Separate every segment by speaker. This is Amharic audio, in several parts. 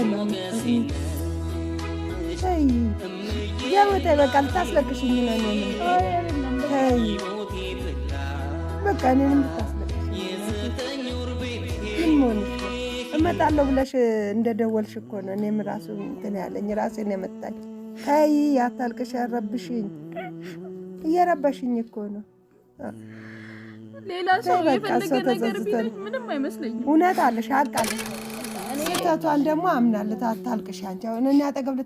Speaker 1: የምታይ በቃ እመጣለሁ ብለሽ እንደደወልሽ እኮ ነው። እኔም ራሱ እንትን ያለኝ ራሴን የመጣኝ ይ ያታልቅሽ ያረብሽኝ እየረበሽኝ እኮ ነው።
Speaker 2: ሌላ ሰው የፈለገ ነገር ቢለኝ ምንም አይመስለኝም።
Speaker 1: እውነት አለሽ፣ ሀቅ ስህተቷን ደግሞ አምናለት አታልቅሽ አንቺ አሁን እኔ አጠገብ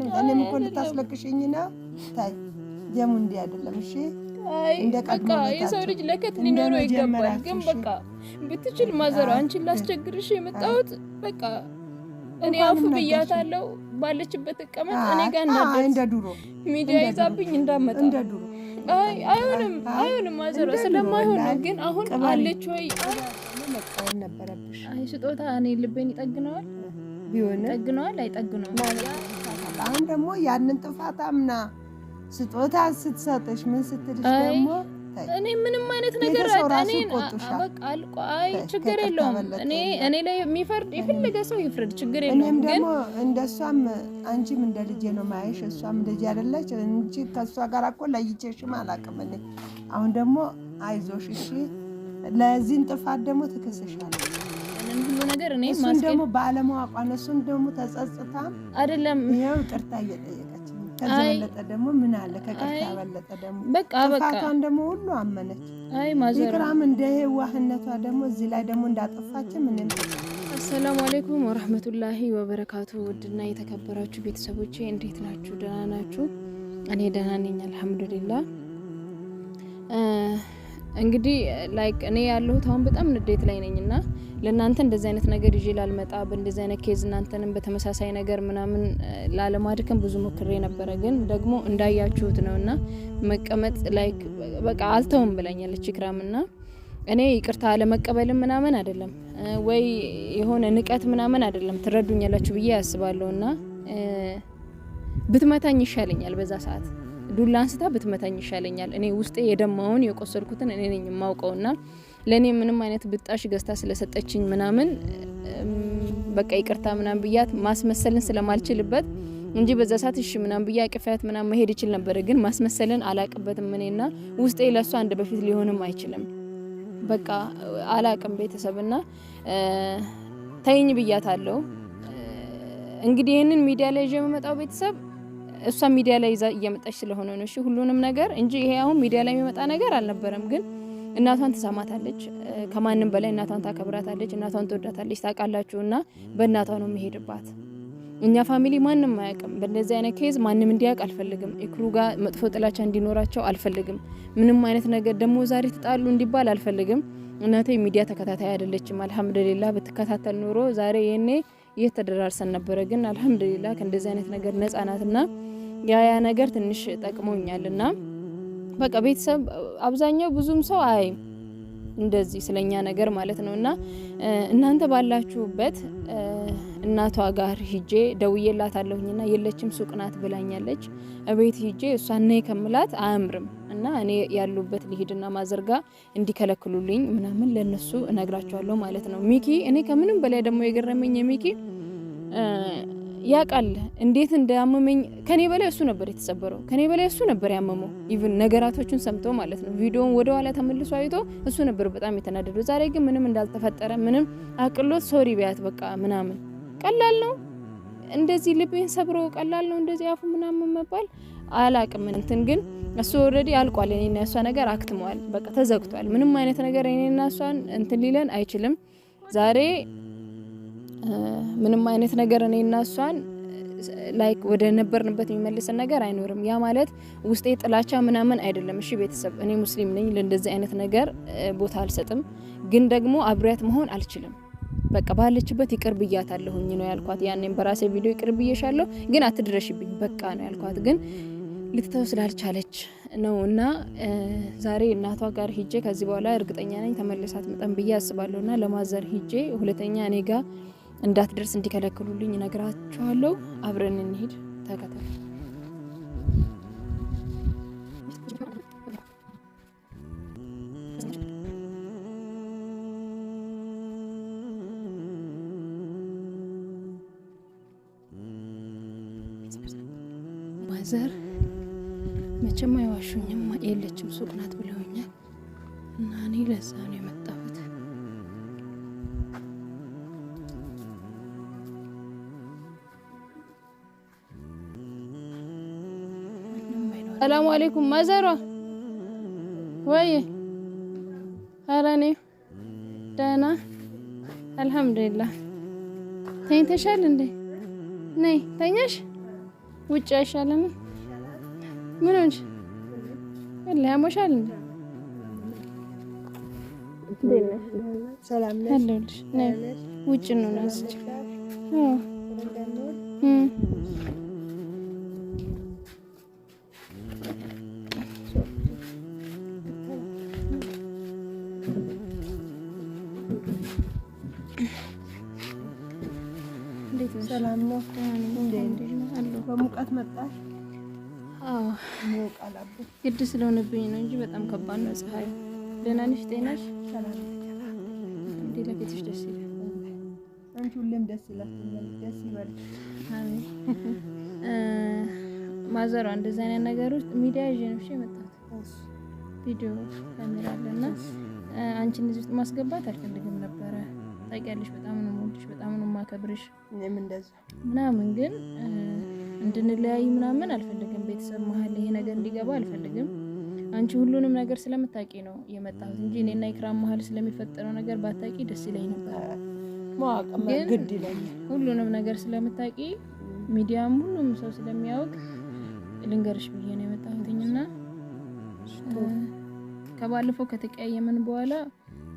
Speaker 1: ነው? እኔም እኮ ልታስለቅሽኝ ነው ታይ ጀሙ እንዲህ አይደለም እሺ
Speaker 2: እንደ ቀድሞ የሰው ልጅ ለከት ሊኖረው ይገባል ግን በቃ ብትችል ማዘሩ አንቺን ላስቸግርሽ የመጣሁት በቃ እኔ አፉ ብያታለሁ ባለችበት እቀመጥ እኔ ጋር
Speaker 1: እንዳደርስ እንደ ድሮ
Speaker 2: ሚዲያ ይዛብኝ እንዳመጣ እንደ ድሮ አይሆንም፣ አይሆንም ስለማይሆን ነው። ግን አሁን አለች ወይ ነበረብሽ። አይ ስጦታ እኔ ልቤን ይጠግነዋል፣ ጠግነዋል፣ አይጠግነውም።
Speaker 1: አሁን ደግሞ ያንን ጥፋት አምና ስጦታ ስትሰጥሽ ምን ስትልሽ ደግሞ
Speaker 2: እኔ ምንም አይነት ነገር አይ ችግር የለውም። እኔ እኔ ላይ የሚፈርድ የፈለገ ሰው ይፍርድ፣ ችግር የለውም።
Speaker 1: እኔም ደግሞ እንደሷም አንቺም እንደ ልጄ ነው ማየሽ፣ እሷም እንደ ልጅ አይደለች እንጂ ከእሷ ጋር እኮ ለይቼሽም አላውቅም እኔ። አሁን ደግሞ አይዞሽ እሺ። ለዚህን ጥፋት ደግሞ ትክስሻለሽ። ሁሉ ነገር እኔ እሱን ደግሞ ባለማወቋ እሱን ደግሞ ተጸጽታ አይደለም ይኸው ቅርታ እየጠየቀ ከዛ በለጠ ደግሞ ምን አለ? ከቀርታ በለጠ ደግሞ በቃ በቃ ጥፋቷን ደግሞ ሁሉ አመነች። አይ ማዘር ይቅራም እንደ የዋህነቷ ደግሞ እዚህ ላይ ደግሞ እንዳጠፋች ምን
Speaker 2: አሰላሙ አሌይኩም ወራህመቱላሂ ወበረካቱ። ውድና የተከበራችሁ ቤተሰቦቼ እንዴት ናችሁ? ደህና ናችሁ? እኔ ደህና ነኝ አልሐምዱሊላህ። እንግዲህ ላይክ እኔ ያለሁት አሁን በጣም ንዴት ላይ ነኝ እና ለእናንተ እንደዚህ አይነት ነገር ይዤ ላልመጣ በእንደዚህ አይነት ኬዝ እናንተንም በተመሳሳይ ነገር ምናምን uh, ላለማድከም ብዙ ሞክሬ ነበረ። ግን ደግሞ እንዳያችሁት ነው እና መቀመጥ ላይክ በቃ አልተውም ብላኛለች ኢክራም እና እኔ ይቅርታ አለመቀበልም ምናምን አይደለም uh, ወይ የሆነ ንቀት ምናምን አይደለም። ትረዱኛላችሁ ብዬ ያስባለሁ እና uh, ብትመታኝ ይሻለኛል በዛ ሰዓት ዱላ አንስታ ብትመታኝ ይሻለኛል። እኔ ውስጤ የደማውን የቆሰልኩትን እኔ ነኝ የማውቀውና ለእኔ ምንም አይነት ብጣሽ ገዝታ ስለሰጠችኝ ምናምን በቃ ይቅርታ ምናምን ብያት ማስመሰልን ስለማልችልበት እንጂ በዛ ሰዓት እሺ ምናምን ብዬ አቅፋያት ምናምን መሄድ ይችል ነበረ። ግን ማስመሰልን አላቅበትም እኔና ውስጤ ለሱ አንድ በፊት ሊሆንም አይችልም። በቃ አላቅም ቤተሰብና ተይኝ ብያት አለው። እንግዲህ ይህንን ሚዲያ ላይ ይዤ የምመጣው ቤተሰብ እሷ ሚዲያ ላይ ይዛ እየመጣች ስለሆነ ነው። እሺ ሁሉንም ነገር እንጂ ይሄ አሁን ሚዲያ ላይ የሚመጣ ነገር አልነበረም። ግን እናቷን ትሰማታለች፣ ከማንም በላይ እናቷን ታከብራታለች፣ እናቷን ትወዳታለች። ታውቃላችሁ እና በእናቷ ነው የሚሄድባት። እኛ ፋሚሊ ማንም አያውቅም። በእንደዚህ አይነት ኬዝ ማንም እንዲያውቅ አልፈልግም። ኢክሩ ጋር መጥፎ ጥላቻ እንዲኖራቸው አልፈልግም። ምንም አይነት ነገር ደግሞ ዛሬ ትጣሉ እንዲባል አልፈልግም። እናቴ ሚዲያ ተከታታይ አይደለችም። አልሐምዱሊላ ብትከታተል ኖሮ ዛሬ ይህኔ ይህ ተደራርሰን ነበረ። ግን አልሐምዱሊላ ከእንደዚህ አይነት ነገር ነጻ ናትና ያ ያ ነገር ትንሽ ጠቅሞኛል እና በቃ ቤተሰብ አብዛኛው ብዙም ሰው አይ እንደዚህ ስለኛ ነገር ማለት ነው እና እናንተ ባላችሁበት እናቷ ጋር ሂጄ ደውዬላት አለሁኝና የለችም፣ ሱቅ ናት ብላኛለች። እቤት ሂጄ እሷ ነይ ከምላት አያምርም እና እኔ ያሉበት ሊሄድና ማዘርጋ እንዲከለክሉልኝ ምናምን ለነሱ እነግራቸዋለሁ ማለት ነው። ሚኪ እኔ ከምንም በላይ ደግሞ የገረመኝ የሚኪ ያውቃል እንዴት እንዳመመኝ። ከኔ በላይ እሱ ነበር የተሰበረው፣ ከኔ በላይ እሱ ነበር ያመመው። ኢቭን ነገራቶቹን ሰምቶ ማለት ነው። ቪዲዮውን ወደ ኋላ ተመልሶ አይቶ እሱ ነበር በጣም የተናደደው። ዛሬ ግን ምንም እንዳልተፈጠረ ምንም አቅሎት ሶሪ ቢያት በቃ ምናምን ቀላል ነው። እንደዚህ ልቤን ሰብሮ ቀላል ነው እንደዚህ አፉ ምናምን መባል አላቅም። እንትን ግን እሱ ኦልሬዲ አልቋል። እኔና እሷ ነገር አክትመዋል። በቃ ተዘግቷል። ምንም አይነት ነገር እኔና እሷን እንትን ሊለን አይችልም ዛሬ ምንም አይነት ነገር እኔ እና እሷን ላይክ ወደ ነበርንበት የሚመልስን ነገር አይኖርም። ያ ማለት ውስጤ ጥላቻ ምናምን አይደለም። እሺ ቤተሰብ፣ እኔ ሙስሊም ነኝ፣ ለእንደዚህ አይነት ነገር ቦታ አልሰጥም። ግን ደግሞ አብሬያት መሆን አልችልም። በቃ ባለችበት ይቅር ብያታለሁኝ ነው ያልኳት። ያኔም በራሴ ቪዲዮ ይቅር ብዬሻለሁ፣ ግን አትድረሽብኝ በቃ ነው ያልኳት። ግን ልትተው ስላልቻለች ነው እና ዛሬ እናቷ ጋር ሂጄ ከዚህ በኋላ እርግጠኛ ነኝ ተመልሳት መጠን ብዬ አስባለሁ። ና ለማዘር ሂጄ ሁለተኛ እኔ ጋር እንዳትደርስ እንዲከለክሉልኝ ነግራችኋለሁ አብረን እንሄድ፣ ተከተል። ማዘር መቼም አይዋሹኝም የለችም ሱቅ ናት ብለውኛል እና እኔ ለዛ ነው ሰላሙ አለይኩም ማዘሯ ወይ ኧረ እኔ ደህና አልሐምዱሊላህ። ተኝተሻል እንዴ? ነይ ተኛሽ። ውጭ አይሻልም? ምን ሆንሽ? እላ ያሞሻል እንዴ? ውጭ ነው ነው
Speaker 1: ሰላም ነው። በሙቀት መጣሽ?
Speaker 2: ግድ ስለሆነብኝ ነው እንጂ በጣም ከባድ ነው ፀሐዩ። ደህና ነሽ? ጤናሽ ለቤትሽ ደስ ይላል።
Speaker 1: አንቺ ሁሌም ደስ ይላል። ደስ ይበል።
Speaker 2: ማዘሯ እንደዚህ አይነት ነገር ውስጥ ሚዲያ ይዤ ነው የመጣሁት። ቪዲዮ ካሜራ አንቺን እዚህ ውስጥ ማስገባት አልፈልግም ነበረ። ታውቂያለሽ በጣም ነው የምወድሽ፣ በጣም ነው የማከብርሽ ምናምን ግን እንድንለያይ ምናምን አልፈልግም። ቤተሰብ መሀል ይሄ ነገር እንዲገባ አልፈልግም። አንቺ ሁሉንም ነገር ስለምታውቂ ነው የመጣሁት እንጂ እኔና ኢክራም መሀል ስለሚፈጠረው ነገር ባታውቂ ደስ ይለኝ ነበር። ግን ሁሉንም ነገር ስለምታውቂ ሚዲያም ሁሉም ሰው ስለሚያውቅ ልንገርሽ ብዬ ነው የመጣሁትኝና ከባለፈው ከተቀያየምን በኋላ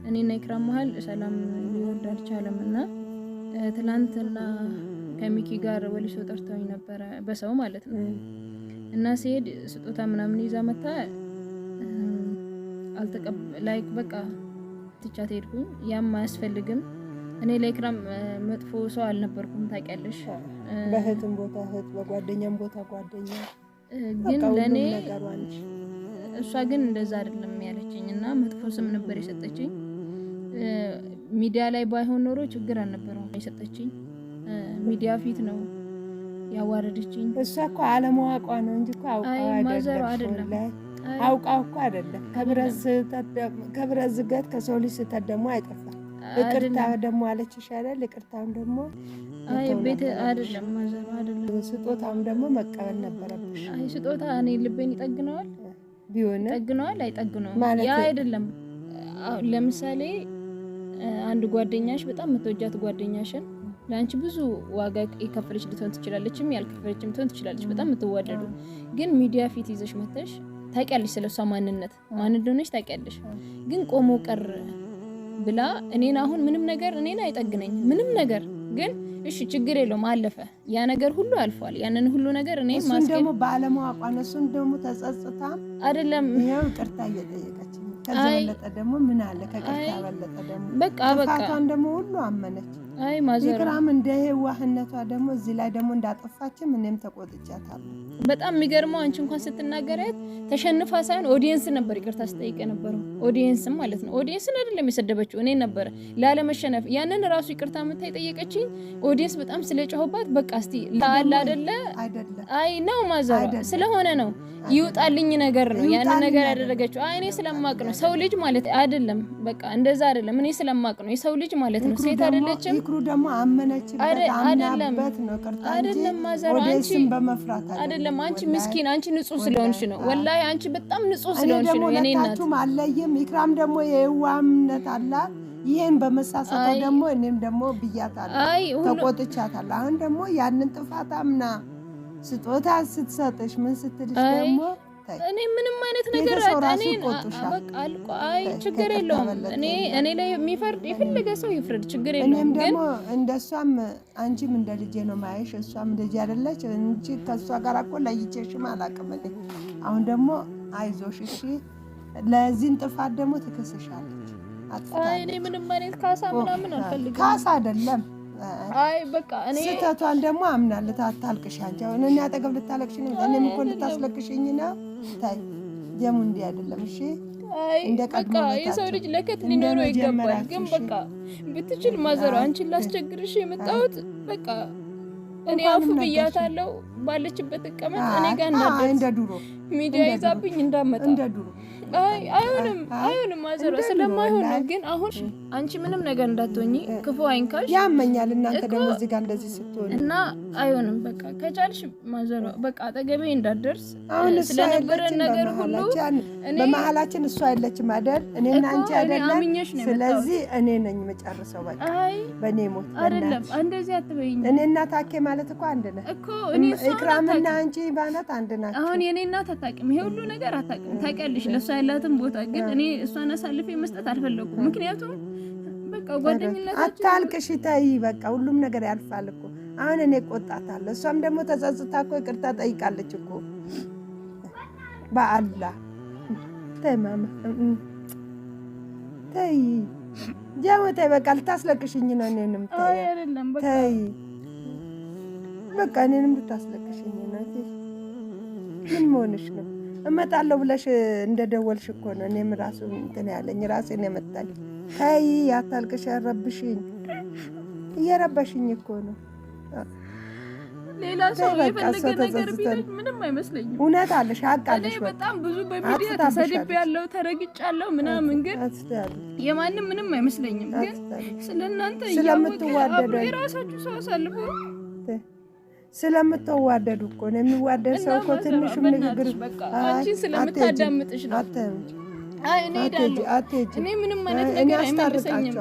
Speaker 2: እኔና ኢክራም መሀል ሰላም ሊወርድ አልቻለም እና ትላንትና ከሚኪ ጋር ወሊሶ ጠርተውኝ ነበረ፣ በሰው ማለት ነው። እና ሲሄድ ስጦታ ምናምን ይዛ መታ አልተቀብ ላይክ በቃ ትቻት ሄድኩኝ። ያም አያስፈልግም። እኔ ለኢክራም መጥፎ ሰው አልነበርኩም፣ ታውቂያለሽ።
Speaker 1: በእህትም ቦታ እህት፣ በጓደኛም ቦታ ጓደኛ።
Speaker 2: ግን ለእኔ እሷ ግን እንደዛ አይደለም ያለችኝ እና መጥፎ ስም ነበር የሰጠችኝ። ሚዲያ ላይ ባይሆን ኖሮ ችግር አልነበረው። የሰጠችኝ ሚዲያ ፊት ነው ያዋረደችኝ።
Speaker 1: እሷ እኮ አለማወቋ ነው እንጂ እኮ
Speaker 2: ማዘሯ አይደለም።
Speaker 1: አውቃው እኮ አይደለም። ከብረት ዝገት ከሰው ልጅ ስህተት ደግሞ አይጠፋም። ይቅርታ ደግሞ አለች ይሻላል። ይቅርታም ደግሞ
Speaker 2: ቤት አይደለም ማዘሯ አይደለም።
Speaker 1: ስጦታም ደግሞ መቀበል ነበረብሽ።
Speaker 2: ስጦታ እኔ ልቤን ይጠግነዋል ቢሆን ጠግነዋል አይጠግነውም ያ አይደለም ለምሳሌ አንድ ጓደኛሽ በጣም የምትወጃት ጓደኛሽን ለአንቺ ብዙ ዋጋ የከፈለች ልትሆን ትችላለችም ያልከፈለችም ትሆን ትችላለች። በጣም የምትዋደዱ ግን ሚዲያ ፊት ይዘሽ መተሽ ታውቂያለሽ፣ ስለሷ ማንነት ማን እንደሆነች ታውቂያለሽ። ግን ቆሞ ቀር ብላ እኔን አሁን ምንም ነገር እኔን አይጠግነኝ ምንም ነገር ግን እሺ ችግር የለውም አለፈ። ያ ነገር ሁሉ አልፏል። ያንን ሁሉ ነገር እኔ
Speaker 1: ደግሞ ባለማወቋ ደግሞ ተጸጽታ አይደለም ይሄው እየጠየቀች ከዚህ በለጠ ደግሞ ምን አለ? ከቅርታ በለጠ ደግሞ በቃ በቃ ደግሞ ሁሉ አመነች። ፍቅራም እንደ የዋህነቷ ደግሞ እዚህ ላይ ደግሞ እንዳጠፋችን እኔም ተቆጥቻታለሁ።
Speaker 2: በጣም የሚገርመው አንቺ እንኳን ስትናገረት ተሸንፋ ሳይሆን ኦዲየንስ ነበር ይቅርታ ስጠይቅ ነበረው። ኦዲየንስም ማለት ነው። ኦዲየንስን አይደለም የሰደበችው እኔ ነበረ ላለመሸነፍ። ያንን ራሱ ይቅርታ ምታ ጠየቀች ኦዲየንስ በጣም ስለጨሁባት፣ በቃ እስቲ አለ አደለ አይ ነው ማዘሯ ስለሆነ ነው ይውጣልኝ ነገር ነው ያንን ነገር ያደረገችው። እኔ ስለማቅ ነው ሰው ልጅ ማለት አይደለም በቃ እንደዛ አይደለም። እኔ ስለማቅ ነው የሰው ልጅ ማለት
Speaker 1: ነው ሴት አይደለችም ምክሩ ደግሞ አመነችበት አምናበት ነው ቅርታ እንጂ ወደስም በመፍራት
Speaker 2: አይደለም። አንቺ ምስኪን፣ አንቺ ንጹህ ስለሆንሽ ነው። ወላሂ አንቺ በጣም ንጹህ ስለሆንሽ ነው።
Speaker 1: እኔ እናት አለየም ኢክራም ደግሞ የዋህነት አላ ይሄን በመሳሳቷ ደግሞ እኔም ደግሞ ብያታለሁ፣ ተቆጥቻታለሁ። አሁን ደግሞ ያንን ጥፋት አምና ስጦታ ስትሰጥሽ ምን ስትልሽ ደግሞ
Speaker 2: እኔ ምንም አይነት ነገር አይ ችግር የለውም። እኔ እኔ ላይ የሚፈርድ የፈለገ ሰው ይፍርድ፣ ችግር
Speaker 1: የለውም። እኔም ደግሞ እንደሷም አንቺም እንደ ልጄ ነው ማየሽ፣ እሷም ልጅ አይደለች እንጂ ከእሷ ጋር እኮ ለይቼሽም አላውቅም። አሁን ደግሞ አይዞሽ እሺ። ለዚህን ጥፋት ደግሞ ትክስሻለች።
Speaker 2: እኔ ምንም አይነት ካሳ ምናምን አልፈልግም።
Speaker 1: ካሳ አይደለም
Speaker 2: አይ በቃ እኔ
Speaker 1: ስህተቷን ደግሞ አምናለሁ። አታልቅሽ አንቺ። አሁን እኔ አጠገብ ልታለቅሽ ነው? እኔም እኮ ልታስለቅሽኝ ነው። ታይ ጀሙ እንዲህ አይደለም። እሺ
Speaker 2: የሰው ልጅ ለከት ሊኖረው ይገባል። ግን በቃ ብትችል ማዘሯ አንቺን ላስቸግርሽ የመጣሁት በቃ እኔ አፉ ብያታለሁ። ባለችበት እቀመጥ እኔ ጋር እንዳደርስ ሚዲያ ይዛብኝ እንዳመጣ አይሆንም አይሆንም፣ ማዘሯ ስለማይሆን ነው። ግን አሁን አንቺ ምንም ነገር እንዳትሆኚ ክፉ አይንካሽ።
Speaker 1: ያመኛል እናንተ ደግሞ እዚህ ጋር እንደዚህ ስትሆን
Speaker 2: እና አይሆንም። በቃ ከቻልሽ ማዘሯ በቃ አጠገቤ እንዳትደርስ።
Speaker 1: አሁን ስለነበረ ነገር ሁሉ በመሀላችን እሷ የለችም አይደል? እኔና አንቺ አይደለም። ስለዚህ እኔ ነኝ መጨርሰው። በቃ በእኔ ሞት
Speaker 2: አይደለም እንደዚህ አትበይኝ።
Speaker 1: እኔ ታኬ ማለት እኮ አንድ ነን እኮ ኢክራምና አንቺ ማለት አንድ ናቸው።
Speaker 2: አሁን የእኔ እናት አታውቅም፣ ይሄ ሁሉ ነገር አታውቅም። ታውቂያለሽ ለእሷ ያላትን ቦታ ግን እኔ እሷን አሳልፌ መስጠት አልፈለኩም። ምክንያቱም በቃ ጓደኝነት
Speaker 1: አታልቅሽ፣ ተይ በቃ ሁሉም ነገር ያልፋል እኮ አሁን እኔ ቆጣታለሁ። እሷም ደግሞ ተጸጽታ እኮ ይቅርታ ጠይቃለች እኮ በአላ ተይ ተይ ጃሞ ተይ በቃ ልታስለቅሽኝ ነው። እኔንም ተይ በቃ እኔንም ልታስለቅሽኝ ነው። ምን መሆንሽ ነው? እመጣለሁ ብለሽ እንደደወልሽ እኮ ነው። እኔም ራሱ እንትን ያለኝ ራሴን የመጣኝ ከይ ያታልቅሽ ያረብሽኝ እየረበሽኝ እኮ ነው።
Speaker 2: ሌላ ሰው የፈለገ ነገር ቢለኝ ምንም አይመስለኝም።
Speaker 1: እውነት አለሽ፣ ሀቅ አለሽ።
Speaker 2: በጣም ብዙ በሚዲያ ምናምን፣ ግን የማንም ምንም አይመስለኝም።
Speaker 1: ግን
Speaker 2: የራሳችሁ ሰው አሳልፎ
Speaker 1: ስለምትዋደዱ እኮ ነው። የሚዋደድ ሰው እኮ ትንሹም
Speaker 2: ንግግር ስለምታዳምጥሽ ነው። እኔ አስታርቃለሁ።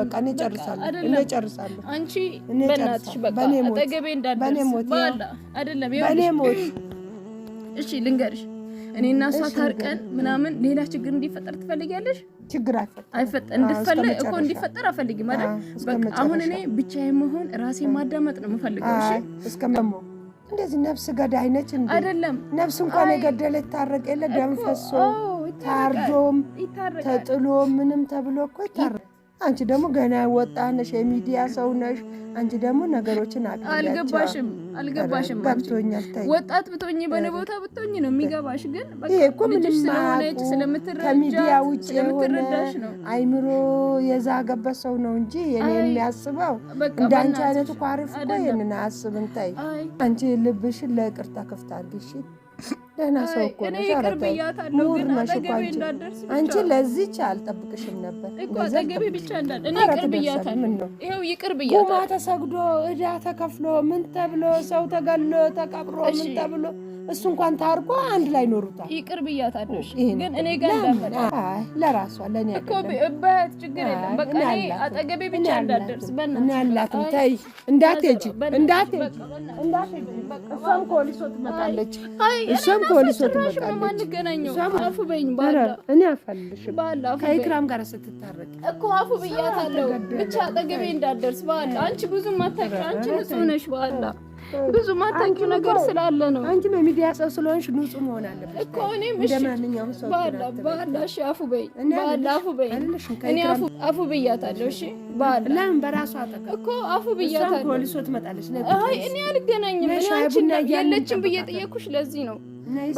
Speaker 1: በቃ እኔ ጨርሳለሁ። እኔ ጨርሳለሁ።
Speaker 2: አንቺ በእናትሽ በቃ አጠገቤ በእኔ ሞት እሺ፣ ልንገርሽ እኔ እና እሷ ታርቀን ምናምን ሌላ ችግር እንዲፈጠር ትፈልጊያለሽ? ችግር አይፈጠ እንድፈለግ እኮ እንዲፈጠር አፈልጊ ማለት አሁን እኔ ብቻዬን መሆን ራሴ ማዳመጥ ነው የምፈልገው።
Speaker 1: እሺ እንደዚህ ነፍስ ገዳይ ነች እንዴ? አይደለም። ነፍስ እንኳን የገደለ ይታረቅ የለ ደም ፈሶ ታርዶም ተጥሎ ምንም ተብሎ እኮ ይታረቃል። አንቺ ደግሞ ገና ወጣነሽ፣ የሚዲያ ሰው ነሽ። አንቺ ደግሞ ነገሮችን
Speaker 2: አልገባሽም አልገባሽም።
Speaker 1: ገብቶኛል። ታይ
Speaker 2: ወጣት ብትሆኝ በእኔ ቦታ ብትሆኝ ነው የሚገባሽ። ግን ይሄ እኮ ምንም ስለሆነች ስለምትረዳ
Speaker 1: ከሚዲያ ውጭ የሆነ አይምሮ የዛገበት ሰው ነው እንጂ የኔ የሚያስበው እንዳንቺ አይነት እኮ አሪፍ እኮ ይሄንን አያስብም። ታይ አንቺ ልብሽን ለቅርታ ክፍት አድርጊ ደህና ሰው እኮ
Speaker 2: ነሽ። ሙድ መሽኮ
Speaker 1: አንቺ ለዚች አልጠብቅሽም ነበር። ቁማ ተሰግዶ እዳ ተከፍሎ ምን ተብሎ ሰው ተገሎ ተቀብሮ ምን ተብሎ እሱ እንኳን ታርቆ አንድ ላይ ኖሩታል።
Speaker 2: ይቅር ብያታለሽ፣ ግን እኔ ጋር
Speaker 1: ለራሷ ለእኔ
Speaker 2: ባያት ችግር የለም። በቃ አጠገቤ ብቻ እንዳደርስ
Speaker 1: በእናትሽ አላትም። ተይ እንዳትሄጂ፣ እሷም ከወሊሶ ትመጣለች፣ አፉ በይኝ እኔ ከኢክራም ጋር ስትታረቅ
Speaker 2: እኮ አፉ ብያታለሁ። ብቻ አጠገቤ አንቺ ብዙም አታውቂው፣ አንቺ ንጹህ ነሽ በኋላ ብዙ ማታንኪ ነገር ስላለ ነው።
Speaker 1: አንቺ በሚዲያ ሰው ስለሆንሽ ንጹህ መሆን አለብሽ
Speaker 2: እኮ እኔም እሺ፣
Speaker 1: እንደማንኛውም ሰው
Speaker 2: ባላ ባላ እሺ፣ አፉ በይ ባላ አፉ በይ እኔ አፉ አፉ ብያታለሁ። እሺ፣ ባላ
Speaker 1: ለምን በራሱ አጠቃ
Speaker 2: እኮ አፉ ብያታለሁ።
Speaker 1: ፖሊሶ ትመጣለች።
Speaker 2: አይ እኔ አልገናኝም። እኔ አንቺ ያለችን ብዬ ጠየኩሽ። ለዚህ ነው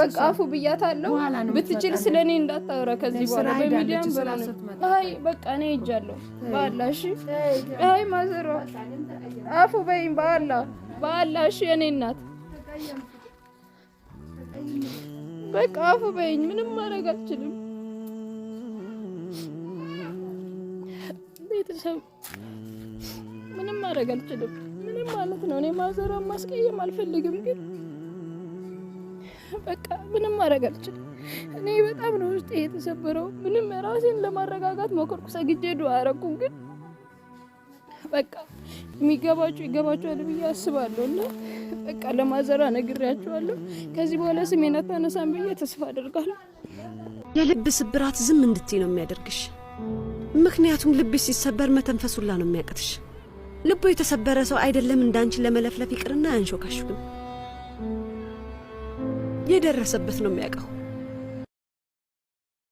Speaker 2: በቃ አፉ ብያታለሁ። ብትችል ስለ እኔ እንዳታወራ ከዚህ በኋላ በሚዲያም በራሱ አይ በቃ እኔ ሄጃለሁ። ባላ እሺ፣ አይ ማዘሯ አፉ በይም ባላ በአላህ የኔ እናት በቃ አፉ በይኝ። ምንም ማድረግ አልችልም። ቤተሰብ ምንም ማድረግ አልችልም። ምንም ማለት ነው። እኔ ማዘራ ማስቀየም አልፈልግም፣ ግን በቃ ምንም ማድረግ አልችልም። እኔ በጣም ነው ውስጤ የተሰበረው። ምንም ራሴን ለማረጋጋት ሞከርኩ፣ ሰግጄ ዱአ አረኩ ግን በቃ የሚገባቸው ይገባቸዋል ብዬ አስባለሁ እና በቃ ለማዘራ ነግሬያቸዋለሁ። ከዚህ በኋላ ስሜን አታነሳም ብዬ ተስፋ አደርጋለሁ። የልብ ስብራት ዝም እንድትይ ነው የሚያደርግሽ። ምክንያቱም ልብሽ ሲሰበር መተንፈሱላ ነው የሚያቅትሽ። ልቡ የተሰበረ ሰው አይደለም እንዳንችን ለመለፍለፍ ይቅርና አያንሾካሹም። የደረሰበት ነው የሚያውቀው።